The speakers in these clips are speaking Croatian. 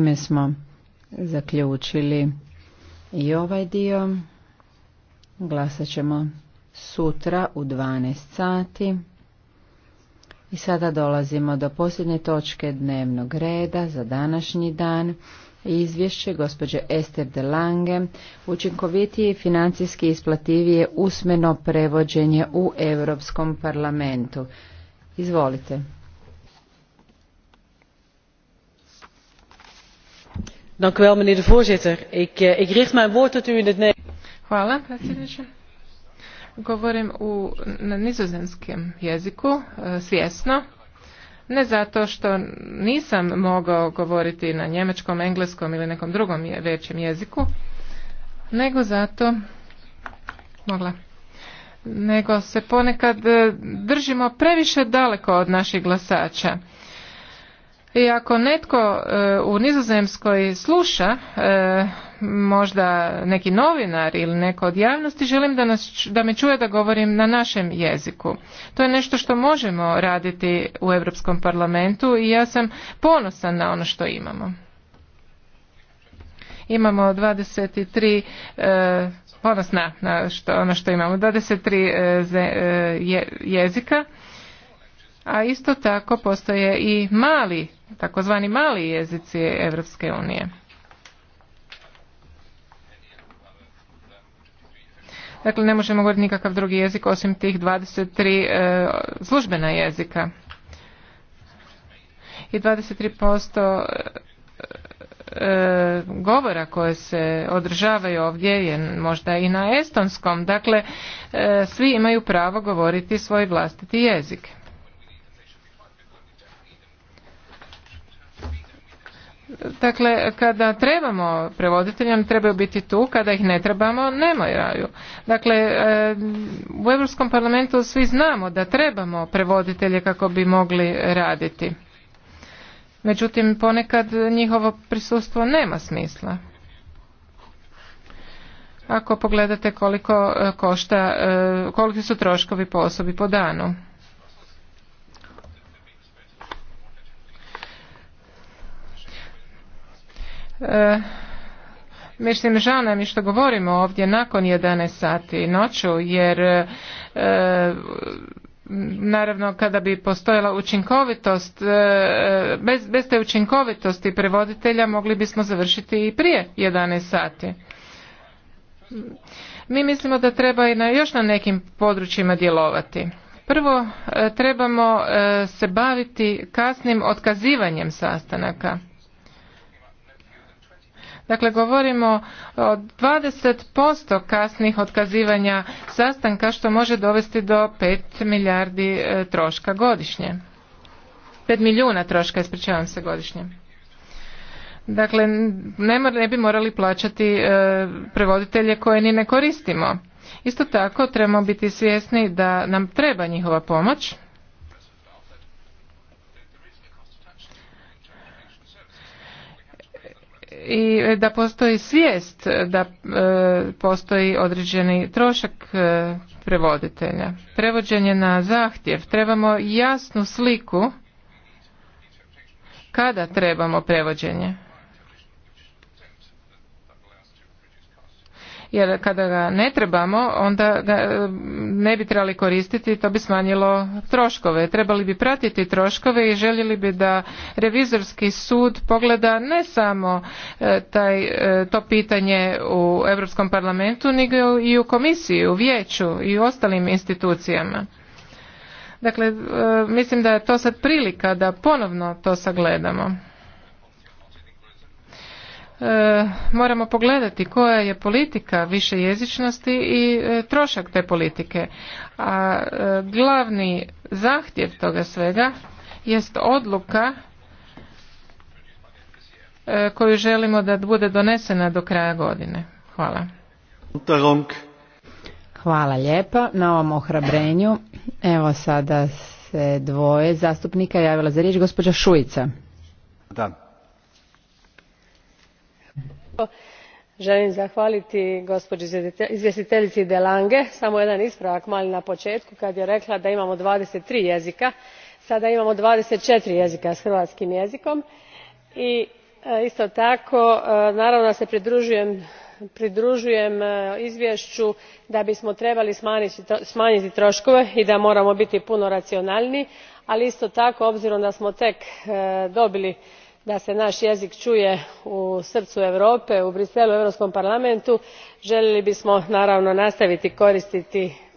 Time smo zaključili i ovaj dio. Glasat ćemo sutra u 12 sati. I sada dolazimo do posljednje točke dnevnog reda za današnji dan. Izvješće gospođe Ester de Lange, učinkovitije i financijski isplativije usmeno prevođenje u Europskom parlamentu. Izvolite. voorzitter eh, ik richt mijn woord tot u in het nederlands. govorim u, na nizozemskom jeziku eh, svjesno ne zato što nisam mogao govoriti na njemačkom engleskom ili nekom drugom većem jeziku nego zato mogla nego se ponekad eh, držimo previše daleko od naših glasača i ako netko e, u Nizozemskoj sluša e, možda neki novinar ili neko od javnosti, želim da, nas, da me čuje da govorim na našem jeziku. To je nešto što možemo raditi u Europskom parlamentu i ja sam ponosan na ono što imamo. Imamo 23 e, ponosna na što, ono što imamo 23 e, e jezika a isto tako postoje i mali, takozvani mali jezici Europske unije. Dakle, ne možemo govoriti nikakav drugi jezik osim tih 23 e, službena jezika. I 23% posto e, govora koje se održavaju ovdje je možda i na estonskom. Dakle, e, svi imaju pravo govoriti svoj vlastiti jezik. Dakle, kada trebamo prevoditelja, oni trebaju biti tu, kada ih ne trebamo, raju. Dakle, e, u Europskom parlamentu svi znamo da trebamo prevoditelje kako bi mogli raditi. Međutim, ponekad njihovo prisustvo nema smisla. Ako pogledate koliko e, košta, e, koliki su troškovi po osobi po danu. E, mislim, žao nam je što govorimo ovdje nakon 11 sati noću, jer e, naravno kada bi postojala učinkovitost, e, bez, te učinkovitosti prevoditelja mogli bismo završiti i prije 11 sati. Mi mislimo da treba i još na nekim područjima djelovati. Prvo, trebamo se baviti kasnim otkazivanjem sastanaka Dakle, govorimo o 20% kasnih otkazivanja sastanka što može dovesti do 5 milijardi e, troška godišnje. 5 milijuna troška, ispričavam se, godišnje. Dakle, ne, ne bi morali plaćati e, prevoditelje koje ni ne koristimo. Isto tako trebamo biti svjesni da nam treba njihova pomoć i da postoji svijest da e, postoji određeni trošak e, prevoditelja. Prevođenje na zahtjev. Trebamo jasnu sliku kada trebamo prevođenje. jer kada ga ne trebamo onda ga e, ne bi trebali koristiti to bi smanjilo troškove trebali bi pratiti troškove i željeli bi da revizorski sud pogleda ne samo e, taj, e, to pitanje u Europskom parlamentu nego i u komisiji, u vijeću i u ostalim institucijama. Dakle, mislim da je to sad prilika da ponovno to sagledamo. E, moramo pogledati koja je politika jezičnosti i e, trošak te politike. A e, glavni zahtjev toga svega jest odluka e, koju želimo da bude donesena do kraja godine. Hvala. Hvala lijepa na ovom ohrabrenju. Evo sada se dvoje zastupnika javila za riječ gospođa Šujica. Da želim zahvaliti gospođi izvjestiteljici de lange. samo jedan ispravak mali na početku kad je rekla da imamo dvadeset tri jezika. sada imamo dvadeset četiri jezika s hrvatskim jezikom i e, isto tako e, naravno da se pridružujem e, izvješću da bismo trebali smanjiti troškove i da moramo biti puno racionalniji ali isto tako obzirom da smo tek dobili da se naš jezik čuje u srcu europe u bruxellesu u europskom parlamentu željeli bismo naravno nastaviti koristiti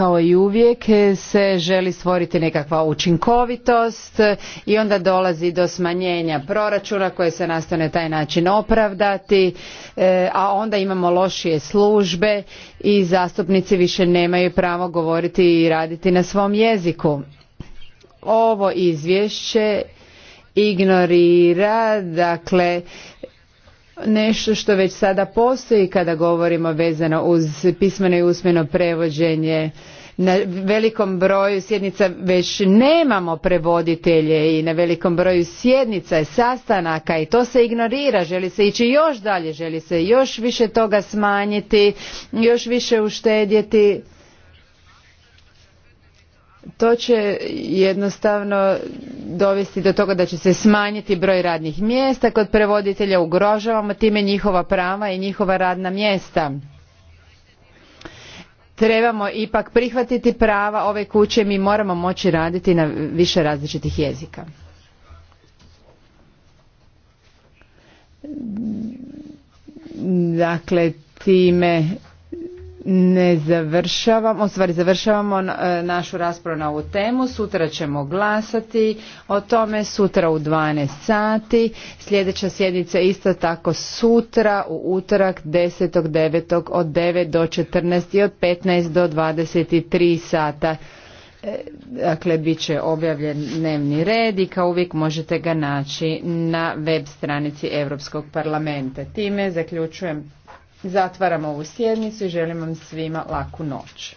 kao i uvijek se želi stvoriti nekakva učinkovitost i onda dolazi do smanjenja proračuna koje se nastane taj način opravdati, e, a onda imamo lošije službe i zastupnici više nemaju pravo govoriti i raditi na svom jeziku. Ovo izvješće ignorira dakle nešto što već sada postoji kada govorimo vezano uz pismeno i usmeno prevođenje na velikom broju sjednica već nemamo prevoditelje i na velikom broju sjednica i sastanaka i to se ignorira želi se ići još dalje želi se još više toga smanjiti još više uštedjeti to će jednostavno dovesti do toga da će se smanjiti broj radnih mjesta kod prevoditelja ugrožavamo time njihova prava i njihova radna mjesta trebamo ipak prihvatiti prava ove kuće mi moramo moći raditi na više različitih jezika dakle time ne završavamo, stvari završavamo e, našu raspravu na ovu temu. Sutra ćemo glasati o tome, sutra u 12 sati. Sljedeća sjednica isto tako sutra u utorak 10.9. od 9 do 14 i od 15 do 23 sata. E, dakle, bit će objavljen dnevni red i kao uvijek možete ga naći na web stranici Europskog parlamenta. Time zaključujem Zatvaram ovu sjednicu i želim vam svima laku noć.